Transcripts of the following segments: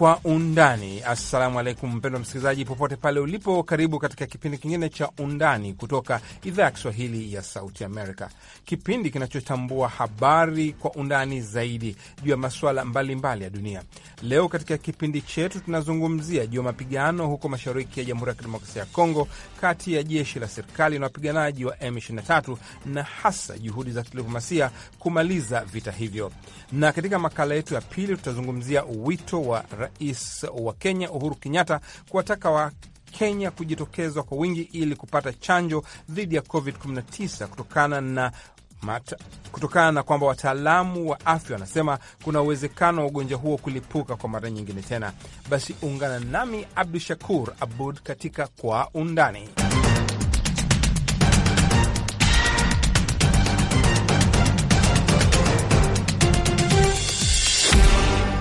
Kwa Undani. Assalamu alaikum, mpendwa msikilizaji, popote pale ulipo, karibu katika kipindi kingine cha Undani kutoka idhaa ya Kiswahili ya Sauti Amerika, kipindi kinachotambua habari kwa undani zaidi juu ya masuala mbalimbali ya dunia. Leo katika kipindi chetu tunazungumzia juu ya mapigano huko mashariki ya Jamhuri ya Kidemokrasia ya Kongo kati ya jeshi la serikali na wapiganaji wa M23 na hasa juhudi za kidiplomasia kumaliza vita hivyo, na katika makala yetu ya pili tutazungumzia wito wa rais wa Kenya Uhuru Kenyatta kuwataka wa Kenya kujitokezwa kwa wingi ili kupata chanjo dhidi ya COVID-19 kutokana na Mata, kutokana na kwamba wataalamu wa afya wanasema kuna uwezekano wa ugonjwa huo kulipuka kwa mara nyingine tena. Basi ungana nami Abdu Shakur Abud katika Kwa Undani.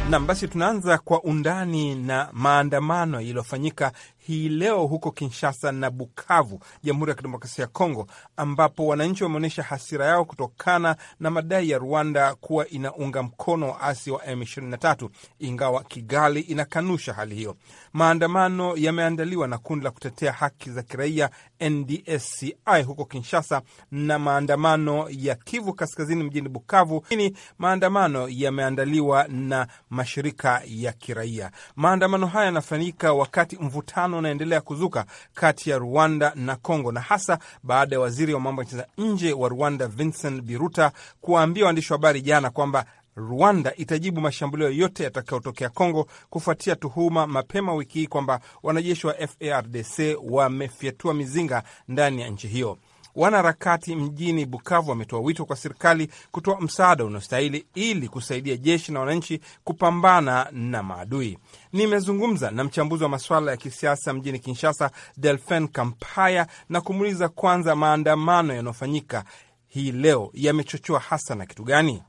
Nam, basi tunaanza kwa undani na maandamano yaliyofanyika hii leo huko Kinshasa na Bukavu, Jamhuri ya Kidemokrasia ya Kongo, ambapo wananchi wameonyesha hasira yao kutokana na madai ya Rwanda kuwa inaunga mkono waasi wa M23, ingawa Kigali inakanusha hali hiyo. Maandamano yameandaliwa na kundi la kutetea haki za kiraia NDSCI huko Kinshasa na maandamano ya Kivu Kaskazini mjini Bukavu. Ini maandamano yameandaliwa na mashirika ya kiraia. Maandamano haya yanafanyika wakati mvutano unaendelea kuzuka kati ya Rwanda na Kongo, na hasa baada ya waziri wa mambo ya nje wa Rwanda Vincent Biruta kuwaambia waandishi wa habari jana kwamba Rwanda itajibu mashambulio yote yatakayotokea Kongo kufuatia tuhuma mapema wiki hii kwamba wanajeshi wa FARDC wamefyatua mizinga ndani ya nchi hiyo. Wanaharakati mjini Bukavu wametoa wito kwa serikali kutoa msaada unaostahili ili kusaidia jeshi na wananchi kupambana na maadui. Nimezungumza na mchambuzi wa masuala ya kisiasa mjini Kinshasa, Delphin Kampaya, na kumuuliza kwanza, maandamano yanayofanyika hii leo yamechochewa hasa na kitu gani?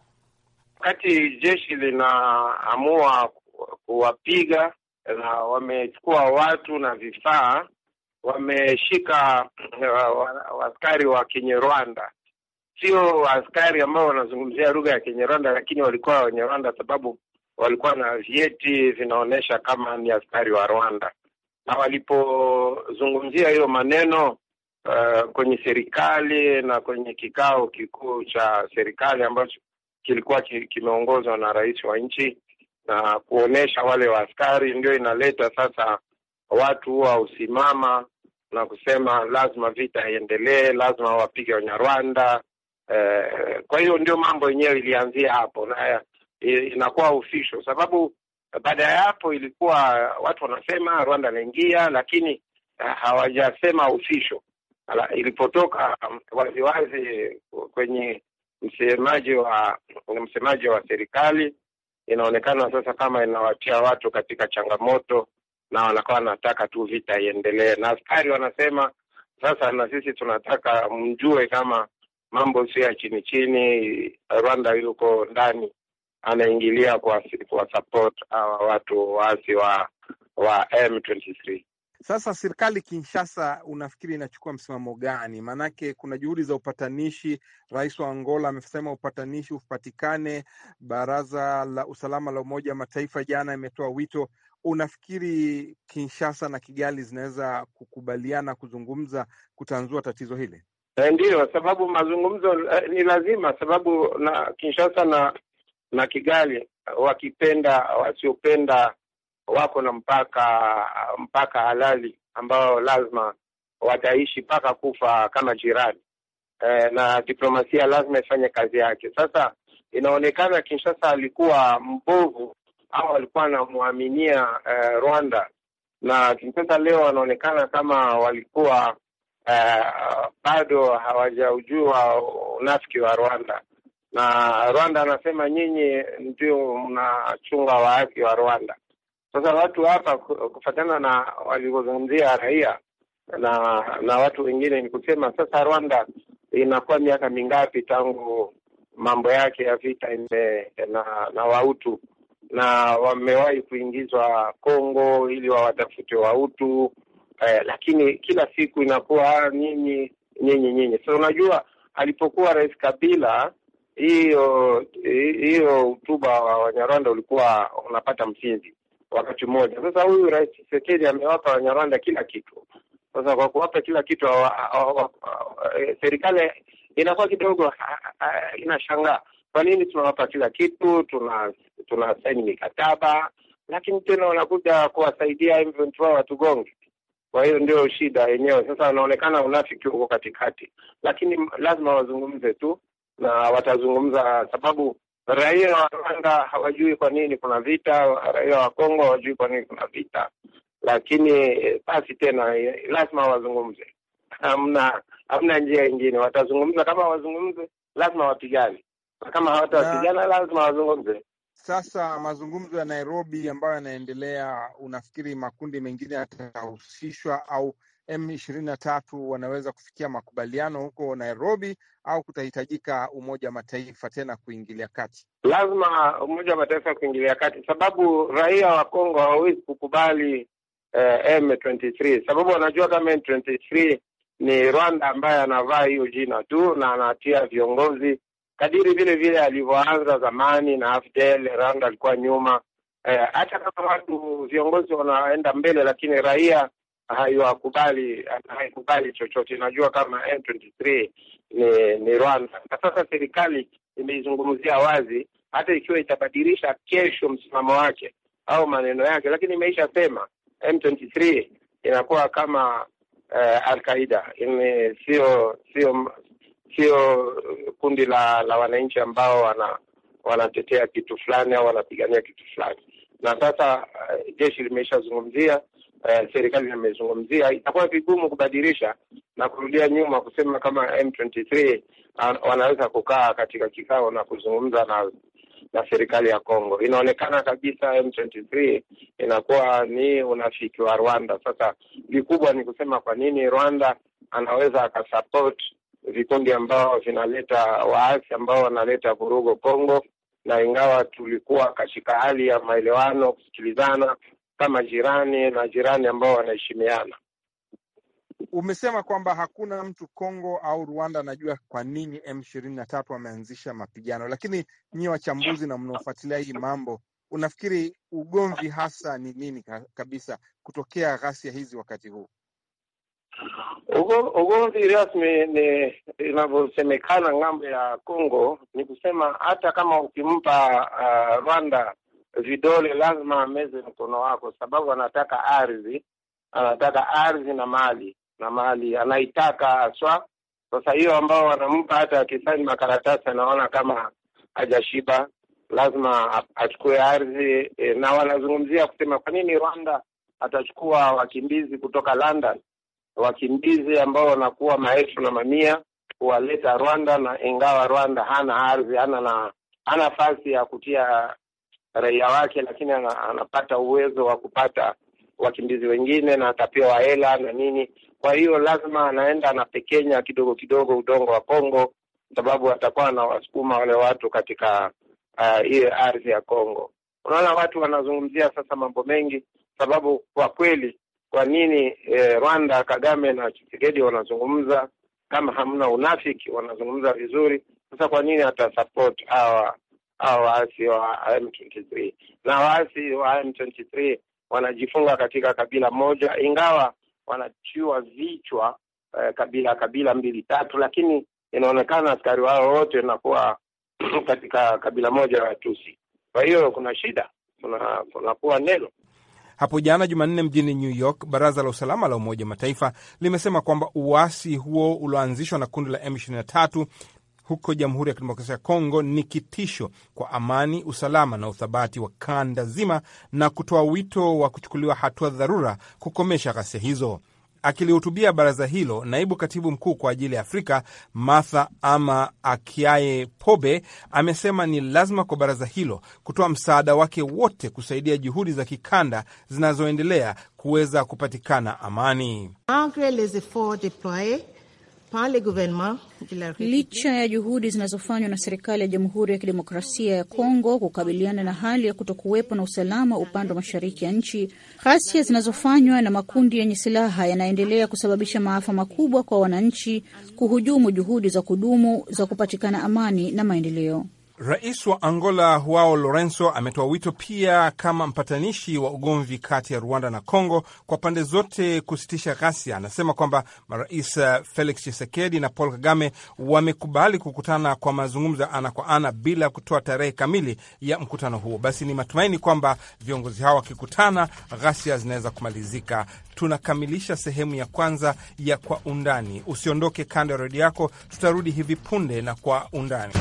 Wakati jeshi linaamua kuwapiga na wamechukua watu na vifaa wameshika eh, askari wa rwanda sio askari ambao wanazungumzia lugha ya rwanda lakini walikuwa rwanda sababu walikuwa na vyeti vinaonyesha kama ni askari wa Rwanda, na walipozungumzia hiyo maneno uh, kwenye serikali na kwenye kikao kikuu cha serikali ambacho kilikuwa kimeongozwa na rais wa nchi na kuonesha wale wa askari ndio inaleta sasa watu huwa husimama na kusema lazima vita iendelee, lazima wapige Wanyarwanda. Eh, kwa hiyo ndio mambo yenyewe ilianzia hapo na eh, inakuwa ufisho sababu baada ya hapo ilikuwa watu wanasema Rwanda anaingia, lakini eh, hawajasema ufisho Ilipotoka waziwazi um, kwenye msemaji wa msemaji wa serikali, inaonekana sasa kama inawatia watu katika changamoto na wanakuwa wanataka tu vita iendelee, na askari wanasema sasa, na sisi tunataka mjue kama mambo sio ya chini chini, Rwanda yuko ndani anaingilia kwa, kwa support hawa watu waasi wa wa M23. Sasa serikali Kinshasa, unafikiri inachukua msimamo gani? Maanake kuna juhudi za upatanishi. Rais wa Angola amesema upatanishi upatikane. Baraza la usalama la Umoja wa Mataifa jana imetoa wito Unafikiri Kinshasa na Kigali zinaweza kukubaliana kuzungumza kutanzua tatizo hili? Eh, Ndiyo, sababu mazungumzo eh, ni lazima, sababu na Kinshasa na na Kigali wakipenda wasiopenda, wako na mpaka mpaka halali ambao lazima wataishi mpaka kufa kama jirani e, na diplomasia lazima ifanye kazi yake. Sasa inaonekana Kinshasa alikuwa mbovu hawa walikuwa wanamwaminia eh, Rwanda, na sasa leo wanaonekana kama walikuwa eh, bado hawajaujua unafiki wa Rwanda, na Rwanda anasema nyinyi ndio mnachunga wa wa Rwanda. Sasa watu hapa kufatana na walivyozungumzia raia na na watu wengine, ni kusema sasa Rwanda inakuwa miaka mingapi tangu mambo yake ya vita ime na, na Wautu na wamewahi kuingizwa Kongo ili wawatafute wautu eh, lakini kila siku inakuwa nyinyi nyinyi nyinyi. So unajua alipokuwa Rais Kabila hiyo hiyo wa Wanyarwanda ulikuwa unapata msingi wakati mmoja. Sasa huyu Rais Tshisekedi amewapa Wanyarwanda kila kitu. Sasa kwa kuwapa kila kitu, eh, serikali inakuwa kidogo inashangaa. Kwa nini tunawapa kila kitu? Tuna tunasaini mikataba, lakini tena wanakuja kuwasaidia M23 watugonge. Kwa hiyo ndio shida yenyewe. Sasa wanaonekana unafiki huko katikati, lakini lazima wazungumze tu na watazungumza, sababu raia wa Rwanda hawajui kwa nini kuna vita, raia wa Kongo hawajui kwa nini kuna vita, lakini eh, basi tena eh, lazima wazungumze. Hamna hamna njia ingine, watazungumza. Kama wazungumze, lazima wapigane kama hawatawasiliana lazima wazungumze. Sasa mazungumzo ya Nairobi ambayo yanaendelea, unafikiri makundi mengine yatahusishwa au M ishirini na tatu wanaweza kufikia makubaliano huko Nairobi au kutahitajika Umoja wa Mataifa tena kuingilia kati? Lazima Umoja wa Mataifa kuingilia kati, sababu raia wa Kongo hawawezi kukubali eh, M23, sababu wanajua kama M23 ni Rwanda ambaye anavaa hiyo jina tu na anatia viongozi kadiri vile vile alivyoanza zamani na AFDL, Rwanda alikuwa nyuma. Eh, hata eh, kama watu viongozi wanaenda mbele, lakini raia haiwakubali, haikubali chochote. Najua kama M23 ni, ni Rwanda, na sasa serikali imeizungumzia wazi, hata ikiwa itabadilisha kesho msimamo wake au maneno yake, lakini imeisha sema M23 inakuwa kama eh, Al-Qaeda, sio sio sio kundi la la wananchi ambao wana wanatetea kitu fulani au wanapigania kitu fulani. Na sasa uh, jeshi limeshazungumzia uh, serikali imezungumzia, itakuwa vigumu kubadilisha na kurudia nyuma kusema kama M23 uh, wanaweza kukaa katika kikao na kuzungumza na na serikali ya Kongo. Inaonekana kabisa M23 inakuwa ni unafiki wa Rwanda. Sasa vikubwa ni kusema kwa nini Rwanda anaweza akasupport vikundi ambao vinaleta waasi ambao wanaleta vurugo Kongo, na ingawa tulikuwa katika hali ya maelewano, kusikilizana kama jirani na jirani ambao wanaheshimiana. Umesema kwamba hakuna mtu Kongo au Rwanda anajua kwa nini M23 wameanzisha mapigano, lakini nyie wachambuzi na mnaofuatilia hii mambo, unafikiri ugomvi hasa ni nini kabisa kutokea ghasia hizi wakati huu? Ugomvi rasmi ni inavyosemekana ng'ambo ya Kongo, ni kusema hata kama ukimpa uh, Rwanda vidole lazima ameze mkono wako, sababu anataka ardhi, anataka ardhi na mali na mali anaitaka haswa. Sasa hiyo ambao wanampa, hata akisaini makaratasi anaona kama hajashiba, lazima achukue ardhi e, na wanazungumzia kusema kwa nini Rwanda atachukua wakimbizi kutoka London wakimbizi ambao wanakuwa maelfu na mamia kuwaleta Rwanda, na ingawa Rwanda hana ardhi, hana na hana nafasi ya kutia raia wake, lakini anapata uwezo wa kupata wakimbizi wengine na atapewa hela na nini. Kwa hiyo lazima anaenda anapekenya kidogo kidogo udongo wa Kongo, sababu atakuwa anawasukuma wale watu katika hiyo uh, ardhi ya Kongo. Unaona, watu wanazungumzia sasa mambo mengi, sababu kwa kweli kwa nini eh, Rwanda Kagame na chisekedi wanazungumza kama hamna unafiki, wanazungumza vizuri. Sasa kwa nini atasupport hawa hawa waasi wa M23? Na waasi wa M23 wanajifunga katika kabila moja, ingawa wanachua vichwa eh, kabila kabila mbili tatu, lakini inaonekana askari wao wote nakuwa katika kabila moja ya Watusi. Kwa hiyo kuna shida, kuna kunakuwa neno hapo jana Jumanne mjini New York, baraza la usalama la Umoja Mataifa limesema kwamba uasi huo ulioanzishwa na kundi la M23 huko Jamhuri ya Kidemokrasia ya Kongo ni kitisho kwa amani, usalama na uthabati wa kanda zima na kutoa wito wa kuchukuliwa hatua dharura kukomesha ghasia hizo. Akilihutubia baraza hilo, naibu katibu mkuu kwa ajili ya Afrika Martha Ama Akiaye Pobe amesema ni lazima kwa baraza hilo kutoa msaada wake wote kusaidia juhudi za kikanda zinazoendelea kuweza kupatikana amani. les efforts Licha ya juhudi zinazofanywa na serikali ya Jamhuri ya Kidemokrasia ya Kongo kukabiliana na hali ya kutokuwepo na usalama upande wa mashariki ya nchi, ghasia zinazofanywa na makundi yenye ya silaha yanaendelea kusababisha maafa makubwa kwa wananchi, kuhujumu juhudi za kudumu za kupatikana amani na maendeleo. Rais wa Angola huao Lorenzo ametoa wito pia kama mpatanishi wa ugomvi kati ya Rwanda na Congo kwa pande zote kusitisha ghasia. Anasema kwamba marais eh, Felix chisekedi na Paul Kagame wamekubali kukutana kwa mazungumzo ya ana kwa ana bila kutoa tarehe kamili ya mkutano huo. Basi ni matumaini kwamba viongozi hao wakikutana, ghasia zinaweza kumalizika. Tunakamilisha sehemu ya kwanza ya Kwa Undani. Usiondoke kando ya redio yako, tutarudi hivi punde na Kwa Undani.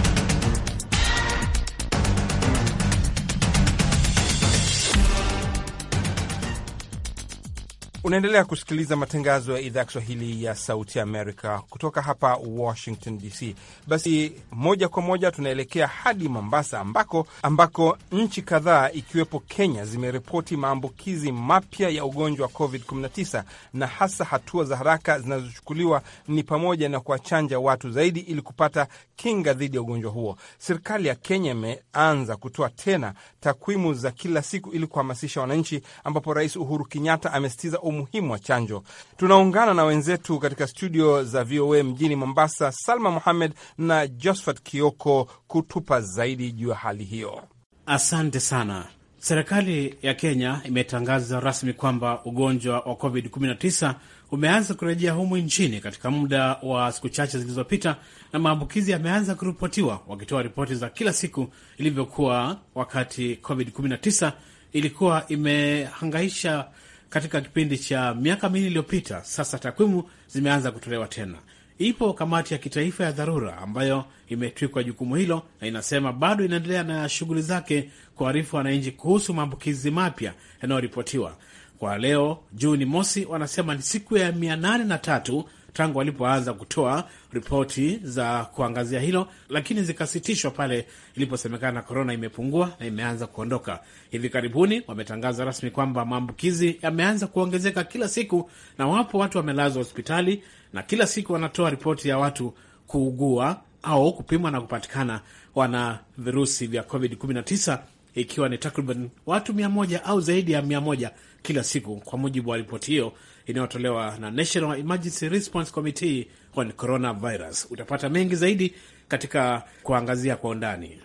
Unaendelea kusikiliza matangazo ya idhaa ya Kiswahili ya Sauti Amerika kutoka hapa Washington DC. Basi moja kwa moja tunaelekea hadi Mombasa ambako, ambako nchi kadhaa ikiwepo Kenya zimeripoti maambukizi mapya ya ugonjwa wa COVID-19 na hasa hatua za haraka zinazochukuliwa ni pamoja na kuwachanja watu zaidi ili kupata kinga dhidi ya ugonjwa huo. Serikali ya Kenya imeanza kutoa tena takwimu za kila siku ili kuhamasisha wananchi, ambapo Rais Uhuru Kenyatta amesitiza umuhimu wa chanjo. Tunaungana na wenzetu katika studio za VOA mjini Mombasa, Salma muhamed na Josphat Kioko kutupa zaidi juu ya hali hiyo. Asante sana. Serikali ya Kenya imetangaza rasmi kwamba ugonjwa wa COVID-19 umeanza kurejea humu nchini katika muda wa siku chache zilizopita, na maambukizi yameanza kuripotiwa, wakitoa ripoti za kila siku ilivyokuwa wakati COVID-19 ilikuwa imehangaisha katika kipindi cha miaka miwili iliyopita. Sasa takwimu zimeanza kutolewa tena. Ipo kamati ya kitaifa ya dharura ambayo imetwikwa jukumu hilo na inasema bado inaendelea na shughuli zake kuarifu wananchi kuhusu maambukizi mapya yanayoripotiwa kwa leo Juni mosi. Wanasema ni siku ya mia nane na tatu tangu walipoanza kutoa ripoti za kuangazia hilo, lakini zikasitishwa pale iliposemekana korona imepungua na imeanza kuondoka. Hivi karibuni wametangaza rasmi kwamba maambukizi yameanza kuongezeka kila siku, na wapo watu wamelazwa hospitali, na kila siku wanatoa ripoti ya watu kuugua au kupimwa na kupatikana wana virusi vya COVID-19 ikiwa ni takriban watu mia moja au zaidi ya mia moja kila siku, kwa mujibu wa ripoti hiyo inayotolewa na National Emergency Response Committee on Coronavirus. Utapata mengi zaidi katika kuangazia kwa undani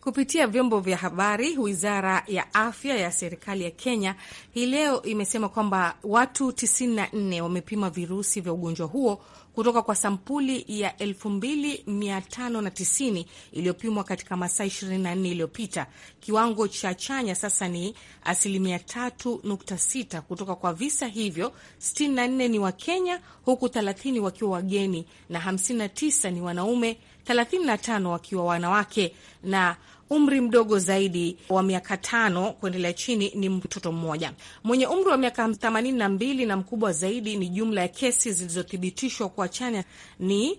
kupitia vyombo vya habari. Wizara ya afya ya serikali ya Kenya hii leo imesema kwamba watu 94 wamepima virusi vya ugonjwa huo kutoka kwa sampuli ya 2590 iliyopimwa katika masaa 24 iliyopita. Kiwango cha chanya sasa ni asilimia 3.6. Kutoka kwa visa hivyo 64 ni wa Kenya, huku 30 wakiwa wageni na 59 ni wanaume, 35 wakiwa wanawake na umri mdogo zaidi wa miaka tano kuendelea chini ni mtoto mmoja, mwenye umri wa miaka themanini na mbili na mkubwa zaidi. Ni jumla ya kesi zilizothibitishwa kwa chanya ni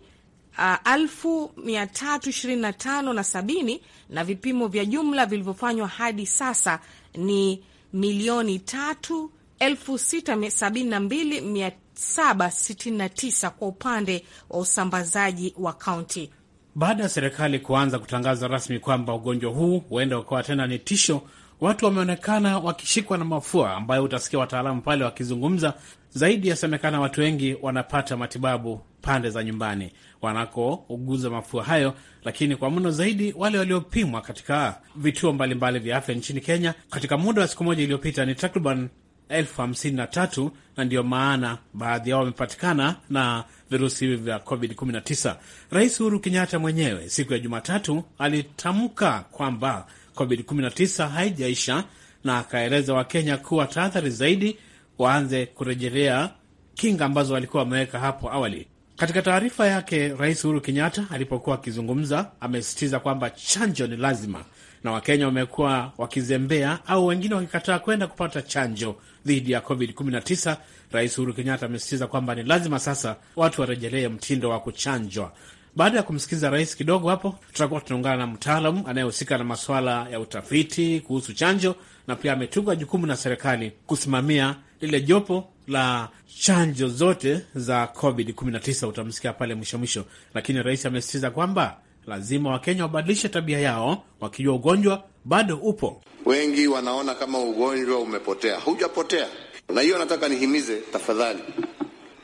Uh, elfu mia tatu ishirini na tano na sabini na vipimo vya jumla vilivyofanywa hadi sasa ni milioni tatu elfu sita sabini na mbili mia saba sitini na tisa kwa upande wa usambazaji wa kaunti. Baada ya serikali kuanza kutangaza rasmi kwamba ugonjwa huu huenda ukawa tena ni tisho, watu wameonekana wakishikwa na mafua ambayo utasikia wataalamu pale wakizungumza zaidi. Yasemekana watu wengi wanapata matibabu pande za nyumbani wanakouguza mafua hayo, lakini kwa mno zaidi wale waliopimwa katika vituo mbalimbali vya afya nchini Kenya katika muda wa siku moja iliyopita ni takriban elfu hamsini na tatu na ndiyo maana baadhi yao wamepatikana na virusi hivi vya COVID-19. Rais Uhuru Kenyatta mwenyewe siku ya Jumatatu alitamka kwamba COVID-19 haijaisha na akaeleza Wakenya kuwa tahadhari zaidi waanze kurejelea kinga ambazo walikuwa wameweka hapo awali. Katika taarifa yake, Rais Uhuru Kenyatta alipokuwa akizungumza, amesisitiza kwamba chanjo ni lazima, na Wakenya wamekuwa wakizembea au wengine wakikataa kwenda kupata chanjo dhidi ya COVID-19, Rais Uhuru Kenyatta amesisitiza kwamba ni lazima sasa watu warejelee mtindo wa kuchanjwa. Baada ya kumsikiliza rais kidogo hapo, tutakuwa tunaungana na mtaalam anayehusika na masuala ya utafiti kuhusu chanjo, na pia ametunga jukumu na serikali kusimamia lile jopo la chanjo zote za COVID-19. Utamsikia pale mwisho mwisho, lakini rais amesisitiza kwamba lazima Wakenya wabadilishe tabia yao, wakijua ugonjwa bado upo. Wengi wanaona kama ugonjwa umepotea. Hujapotea, na hiyo nataka nihimize tafadhali,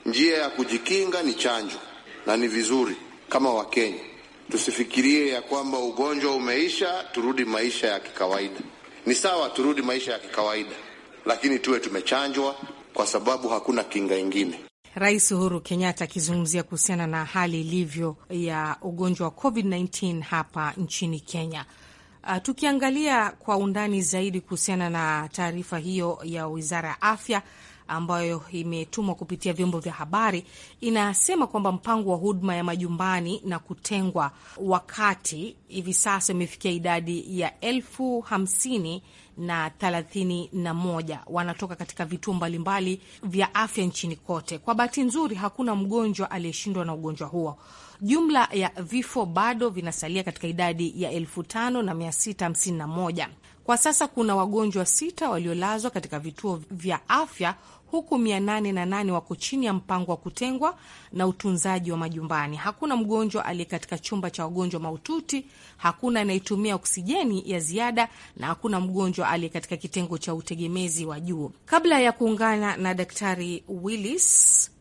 njia ya kujikinga ni chanjo, na ni vizuri kama Wakenya tusifikirie ya kwamba ugonjwa umeisha, turudi maisha ya kikawaida. Ni sawa, turudi maisha ya kikawaida, lakini tuwe tumechanjwa, kwa sababu hakuna kinga ingine. Rais Uhuru Kenyatta akizungumzia kuhusiana na hali ilivyo ya ugonjwa wa COVID-19 hapa nchini Kenya. Uh, tukiangalia kwa undani zaidi kuhusiana na taarifa hiyo ya Wizara ya Afya ambayo imetumwa kupitia vyombo vya habari inasema kwamba mpango wa huduma ya majumbani na kutengwa wakati hivi sasa imefikia idadi ya elfu hamsini na thelathini na moja wanatoka katika vituo mbalimbali vya afya nchini kote. Kwa bahati nzuri, hakuna mgonjwa aliyeshindwa na ugonjwa huo. Jumla ya vifo bado vinasalia katika idadi ya elfu tano na mia sita hamsini na moja. Kwa sasa kuna wagonjwa sita waliolazwa katika vituo vya afya huku 88 na wako chini ya mpango wa kutengwa na utunzaji wa majumbani. Hakuna mgonjwa aliye katika chumba cha wagonjwa mahututi, hakuna anayetumia oksijeni ya ziada na hakuna mgonjwa aliye katika kitengo cha utegemezi wa juu. Kabla ya kuungana na Daktari Willis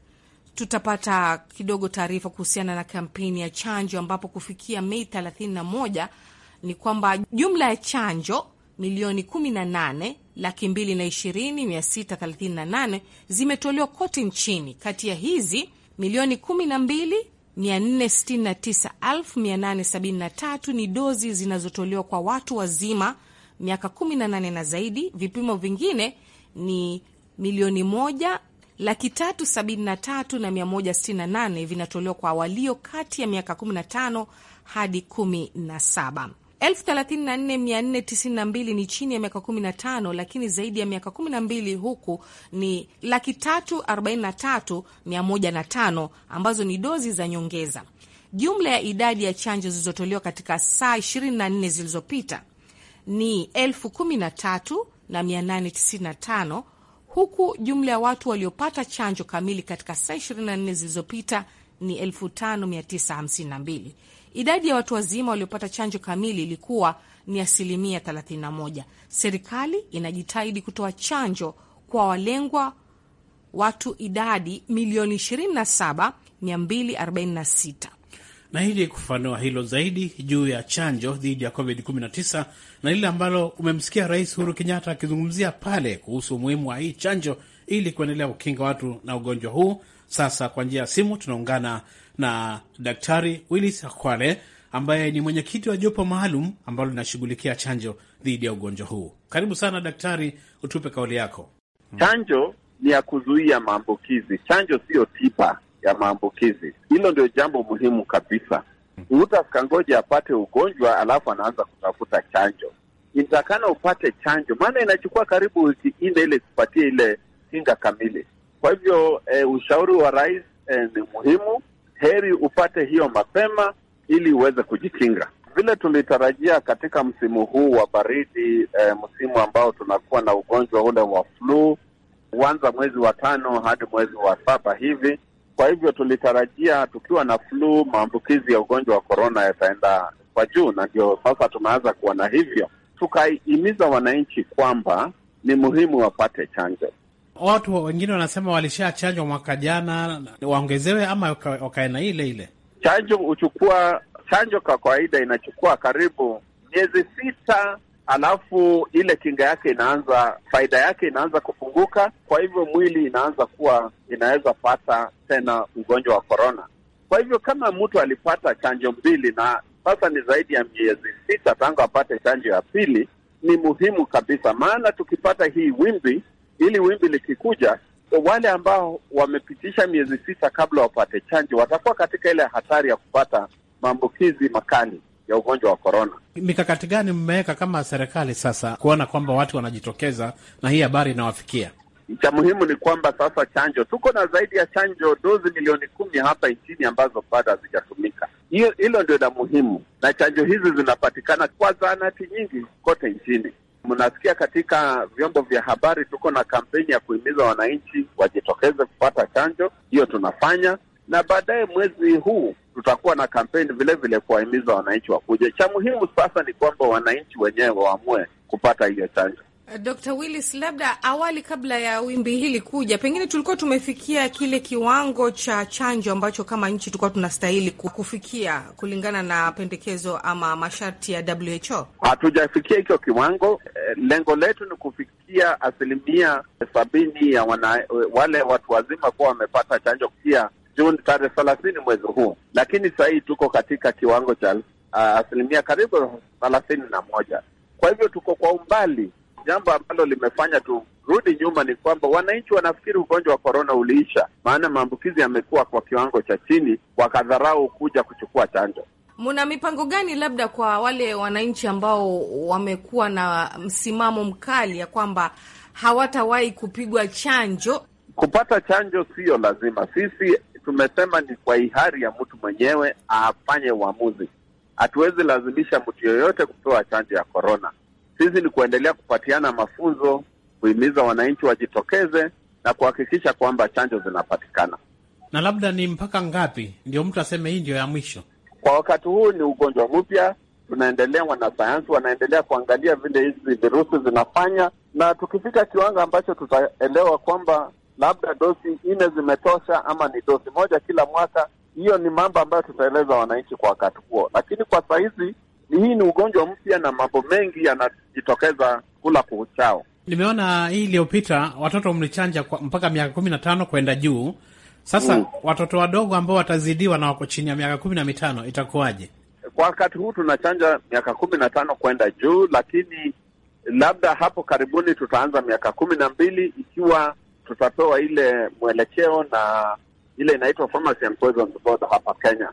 tutapata kidogo taarifa kuhusiana na kampeni ya chanjo ambapo kufikia Mei 31 ni kwamba jumla ya chanjo milioni 18 laki na ishirini mia zimetolewa kote nchini. Kati ya hizi milioni 12 469873 ni dozi zinazotolewa kwa watu wazima miaka 18 na zaidi. Vipimo vingine ni milioni 1 laki tatu na mia moja sitini na nane vinatolewa kwa walio kati ya miaka 15 hadi 17 elfu thelathini na nne mia nne tisini na mbili ni chini ya miaka kumi na tano lakini zaidi ya miaka kumi na mbili huku ni laki tatu arobaini na tatu mia moja na tano ambazo ni dozi za nyongeza. Jumla ya idadi ya chanjo zilizotolewa katika saa 24 zilizopita ni elfu kumi na tatu na mia nane tisini na tano huku jumla ya watu waliopata chanjo kamili katika saa 24 zilizopita ni 5952. Idadi ya watu wazima waliopata chanjo kamili ilikuwa ni asilimia 31. Serikali inajitahidi kutoa chanjo kwa walengwa watu idadi milioni 27,246. Na ili kufanua hilo zaidi juu ya chanjo dhidi ya COVID-19 na lile ambalo umemsikia Rais Uhuru Kenyatta akizungumzia pale kuhusu umuhimu wa hii chanjo ili kuendelea kukinga watu na ugonjwa huu sasa kwa njia ya simu tunaungana na Daktari Willis Akwale ambaye ni mwenyekiti wa jopo maalum ambalo linashughulikia chanjo dhidi ya ugonjwa huu. Karibu sana daktari, utupe kauli yako. Hmm. Chanjo ni ya kuzuia maambukizi, chanjo siyo tiba ya maambukizi. Hilo ndio jambo muhimu kabisa. Hmm. Mtu asikangoja apate ugonjwa alafu anaanza kutafuta chanjo. Inatakana upate chanjo, maana inachukua karibu wiki nne ile kupatie ile kinga kamili. Kwa hivyo eh, ushauri wa rais eh, ni muhimu. Heri upate hiyo mapema ili uweze kujikinga. Vile tulitarajia katika msimu huu wa baridi eh, msimu ambao tunakuwa na ugonjwa ule wa flu huanza mwezi wa tano hadi mwezi wa saba hivi. Kwa hivyo tulitarajia tukiwa na flu maambukizi ya ugonjwa wa korona yataenda kwa juu, na ndio sasa tumeanza kuona hivyo. Tukaimiza wananchi kwamba ni muhimu wapate chanjo. Watu wengine wanasema chanjwa mwaka jana, waongezewe ama wakaena ile ile chanjo. Huchukua chanjo kwa kawaida inachukua karibu miezi sita, alafu ile kinga yake inaanza, faida yake inaanza kupunguka Kwa hivyo mwili inaanza kuwa inaweza pata tena ugonjwa wa korona. Kwa hivyo kama mtu alipata chanjo mbili na sasa ni zaidi ya miezi sita tangu apate chanjo ya pili, ni muhimu kabisa, maana tukipata hii wimbi ili wimbi likikuja, wale ambao wamepitisha miezi sita kabla wapate chanjo watakuwa katika ile hatari ya kupata maambukizi makali ya ugonjwa wa korona. Mikakati gani mmeweka kama serikali sasa kuona kwamba watu wanajitokeza na hii habari inawafikia? Cha muhimu ni kwamba sasa chanjo, tuko na zaidi ya chanjo dozi milioni kumi hapa nchini ambazo bado hazijatumika. Hiyo hilo ndio la muhimu, na chanjo hizi zinapatikana kwa zahanati nyingi kote nchini. Mnasikia katika vyombo vya habari, tuko na kampeni ya kuhimiza wananchi wajitokeze kupata chanjo. Hiyo tunafanya, na baadaye mwezi huu tutakuwa na kampeni vilevile kuwahimiza wananchi wakuja Cha muhimu sasa ni kwamba wananchi wenyewe waamue kupata hiyo chanjo. Eh, Dr. Willis, labda awali, kabla ya wimbi hili kuja, pengine tulikuwa tumefikia kile kiwango cha chanjo ambacho kama nchi tulikuwa tunastahili kufikia kulingana na pendekezo ama masharti ya WHO? Hatujafikia hicho kiwango. Eh, lengo letu ni kufikia asilimia sabini ya wana, wale watu wazima kuwa wamepata chanjo pia Juni tarehe thelathini mwezi huu, lakini saa hii tuko katika kiwango cha uh, asilimia karibu thelathini na moja. Kwa hivyo tuko kwa umbali Jambo ambalo limefanya turudi nyuma ni kwamba wananchi wanafikiri ugonjwa wa korona uliisha, maana maambukizi yamekuwa kwa kiwango cha chini, wakadharau kuja kuchukua chanjo. muna mipango gani labda kwa wale wananchi ambao wamekuwa na msimamo mkali ya kwamba hawatawahi kupigwa chanjo? Kupata chanjo siyo lazima. Sisi tumesema ni kwa hiari ya mtu mwenyewe afanye uamuzi. Hatuwezi lazimisha mtu yoyote kupewa chanjo ya korona. Sisi ni kuendelea kupatiana mafunzo, kuhimiza wananchi wajitokeze na kuhakikisha kwamba chanjo zinapatikana. Na labda ni mpaka ngapi ndio mtu aseme hii ndio ya mwisho? Kwa wakati huu ni ugonjwa mpya, tunaendelea, wanasayansi wanaendelea kuangalia vile hizi virusi zinafanya, na tukifika kiwango ambacho tutaelewa kwamba labda dosi nne zimetosha ama ni dosi moja kila mwaka, hiyo ni mambo ambayo tutaeleza wananchi kwa wakati huo, lakini kwa sahizi hii ni ugonjwa mpya na mambo mengi yanajitokeza kula kuchao Nimeona hii iliyopita watoto mlichanja mpaka miaka kumi na tano kwenda juu. Sasa mm, watoto wadogo ambao watazidiwa na wako chini ya miaka kumi na mitano itakuwaje? Kwa wakati huu tunachanja miaka kumi na tano kwenda juu, lakini labda hapo karibuni tutaanza miaka kumi na mbili ikiwa tutapewa ile mwelekeo na ile inaitwa Pharmacy and Poisons Board hapa Kenya.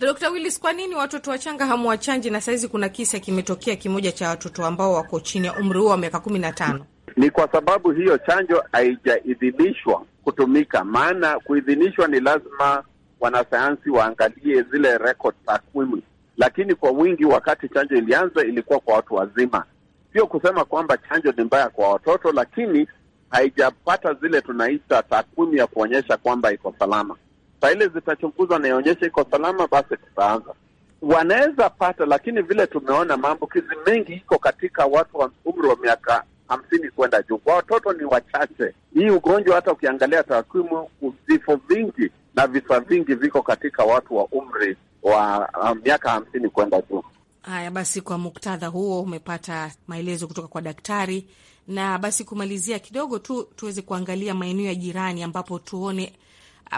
Dr. Willis, kwa nini watoto wachanga hamwachanji na sahizi kuna kisa kimetokea kimoja cha watoto ambao wako chini ya umri huo wa miaka kumi na tano? Ni kwa sababu hiyo chanjo haijaidhinishwa kutumika. Maana kuidhinishwa ni lazima wanasayansi waangalie zile record takwimu, lakini kwa wingi, wakati chanjo ilianza ilikuwa kwa watu wazima. Sio kusema kwamba chanjo ni mbaya kwa watoto, lakini haijapata zile tunaita takwimu ya kuonyesha kwamba iko salama faili zitachunguzwa na ionyeshe iko salama, basi tutaanza. Wanaweza pata, lakini vile tumeona maambukizi mengi iko katika watu wa umri wa miaka hamsini kwenda juu. Kwa watoto ni wachache. Hii ugonjwa hata ukiangalia takwimu, vifo vingi na visa vingi viko katika watu wa umri wa um, miaka hamsini kwenda juu. Haya basi, kwa muktadha huo umepata maelezo kutoka kwa daktari. Na basi kumalizia kidogo tu, tuweze kuangalia maeneo ya jirani ambapo tuone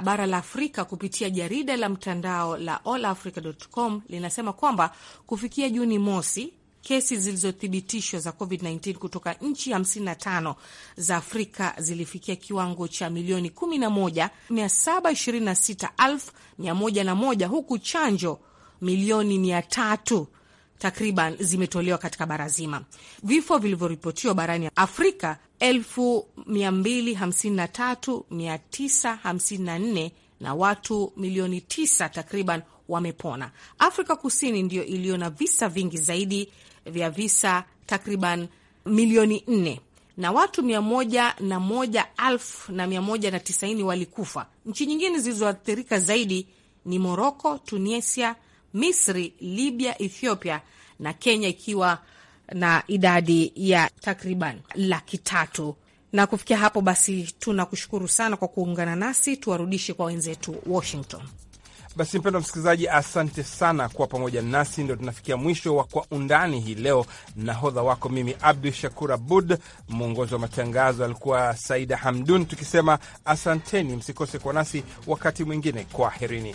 bara la Afrika kupitia jarida la mtandao la allafrica.com linasema kwamba kufikia Juni mosi kesi zilizothibitishwa za COVID-19 kutoka nchi 55 za Afrika zilifikia kiwango cha milioni 11,726,101 huku chanjo milioni 300 takriban zimetolewa katika bara zima. Vifo vilivyoripotiwa barani Afrika 253954 na watu milioni 9 takriban wamepona. Afrika Kusini ndiyo iliyo na visa vingi zaidi vya visa takriban milioni 4 na watu mia walikufa. Nchi nyingine zilizoathirika zaidi ni Moroko, Tunisia Misri, Libya, Ethiopia na Kenya ikiwa na idadi ya takriban laki tatu. Na kufikia hapo basi, tunakushukuru sana kwa kuungana nasi, tuwarudishe kwa wenzetu Washington. Basi mpendwa msikilizaji, asante sana kuwa pamoja nasi. Ndio tunafikia mwisho wa Kwa Undani hii leo. Nahodha wako mimi Abdu Shakur Abud, mwongozi wa matangazo alikuwa Saida Hamdun, tukisema asanteni, msikose kwa nasi wakati mwingine. Kwaherini.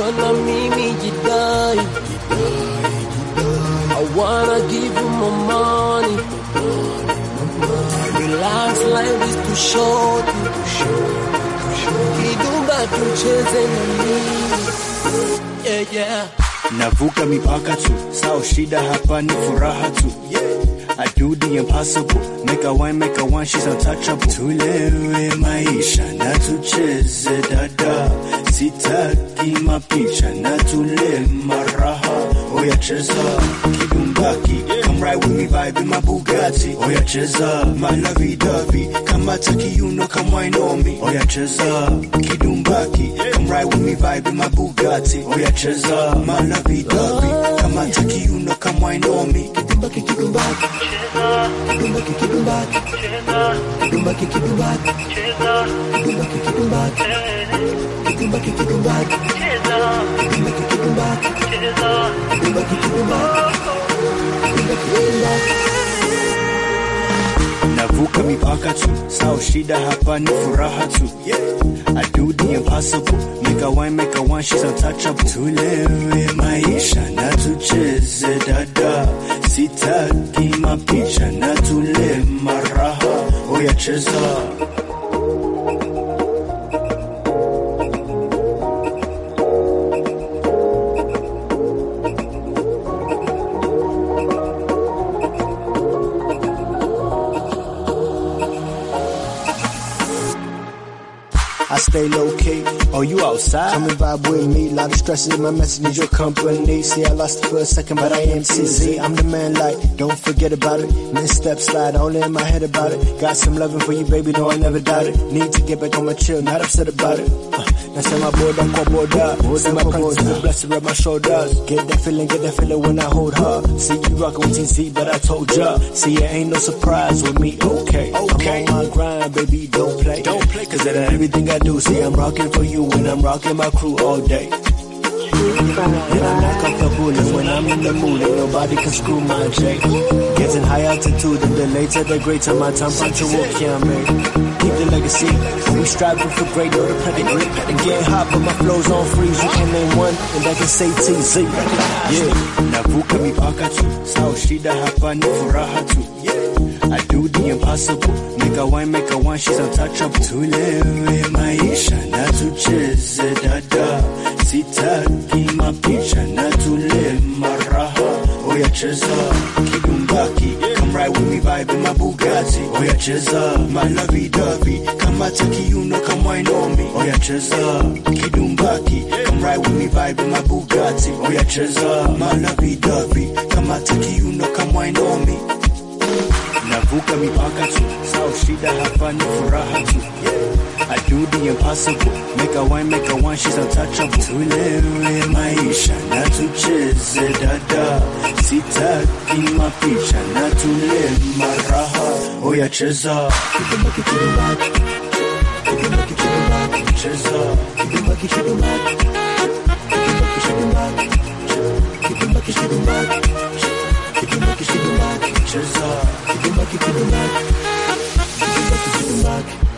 Ukiwa na mimi jidai, I wanna give you my money. Relax, life is too short. Kidumba tucheze na mimi. Yeah, yeah. Navuka mipaka tu, sao shida hapa ni furaha tu. Yeah. I do the impossible, make a wine, make a wine, she's untouchable. Tulewe maisha na tucheze dada, sitaki mapicha na tule maraha. Oya cheza kibumbaki, come right with me, vibe in my Bugatti. Oya cheza my lovey dovey, kamataki taki you know, come wine on me. Oya cheza kibumbaki, come right with me, vibe in my Bugatti. Oya cheza my lovey dovey, kamataki taki you know, come wine on me back, kick him back. Kick him back, kick him back. Kick him back, kick him back. Kick him back, kick him back. Kick him back, kick him back. Kick him back, kick him back. Kick him back, kick him back. Kick him back, kick him back. Navuka mipaka tu, sao shida hapa ni furaha tu. I do the impossible, make a wine, make a wine, she's untouchable. Tulewe maisha na tucheze dada Sitaki mapicha na tule maraha uyacheza I stay low key Oh, you outside? Come and vibe with me. Lot of stress in my message needs your company. See, I lost it for a second, but I am CZ. I'm the man, like, don't forget about it. Misstep slide, only in my head about it. Got some loving for you, baby, no, I never doubt it. Need to get back on my chill, not upset about it. Uh, now say my boy, don't call border. Say my boy is a blessing, rub my shoulders. Get that feeling, get that feeling when I hold her. See, you rockin' with TZ, but I told ya. See, it ain't no surprise with me, okay. Okay. I'm on my grind, baby, don't play. Don't play, cause that ain't everything I do. See, I'm rockin' for you you when I'm rocking my crew all day. and i knock not the bullets when I'm in the mood, ain't nobody can screw my J. Getting high altitude and the later the greater my time punctual can make. Keep the legacy, we striving for greater the pedigree. And get hot, but my flow's on freeze. You can name one, and I can say TZ. Yeah, navuka mipaka tu, sao shida hapa ni furaha tu. Yeah. I do the impossible, make a wine, make a wine, she's untouchable. Tulewe maisha na tucheze dada, sitaki mapicha na tule maraha. Oya cheza kidumbaki, come ride with me, vibe in my Bugatti. yeah, cheza my lovey dovey, kama taki you know, come wine on me. Oya cheza kidumbaki, come ride with me, vibe in my Bugatti. yeah, cheza my lovey dovey, kama taki you know, come wine on me navuka mipaka tu, sao shida hafani furaha tu. I do the impossible, make a wine, make a wine, she's untouchable. Tulewe maisha na tucheze dada, sitaki mapicha na tule maraha, oya cheza kidumba kidumba kidumba kidumba cheza kidumba kidumba kidumba kidumba kidumba kidumba kidumaki, cheza kidumaki, kidumaki, kidumaki, kidumaki.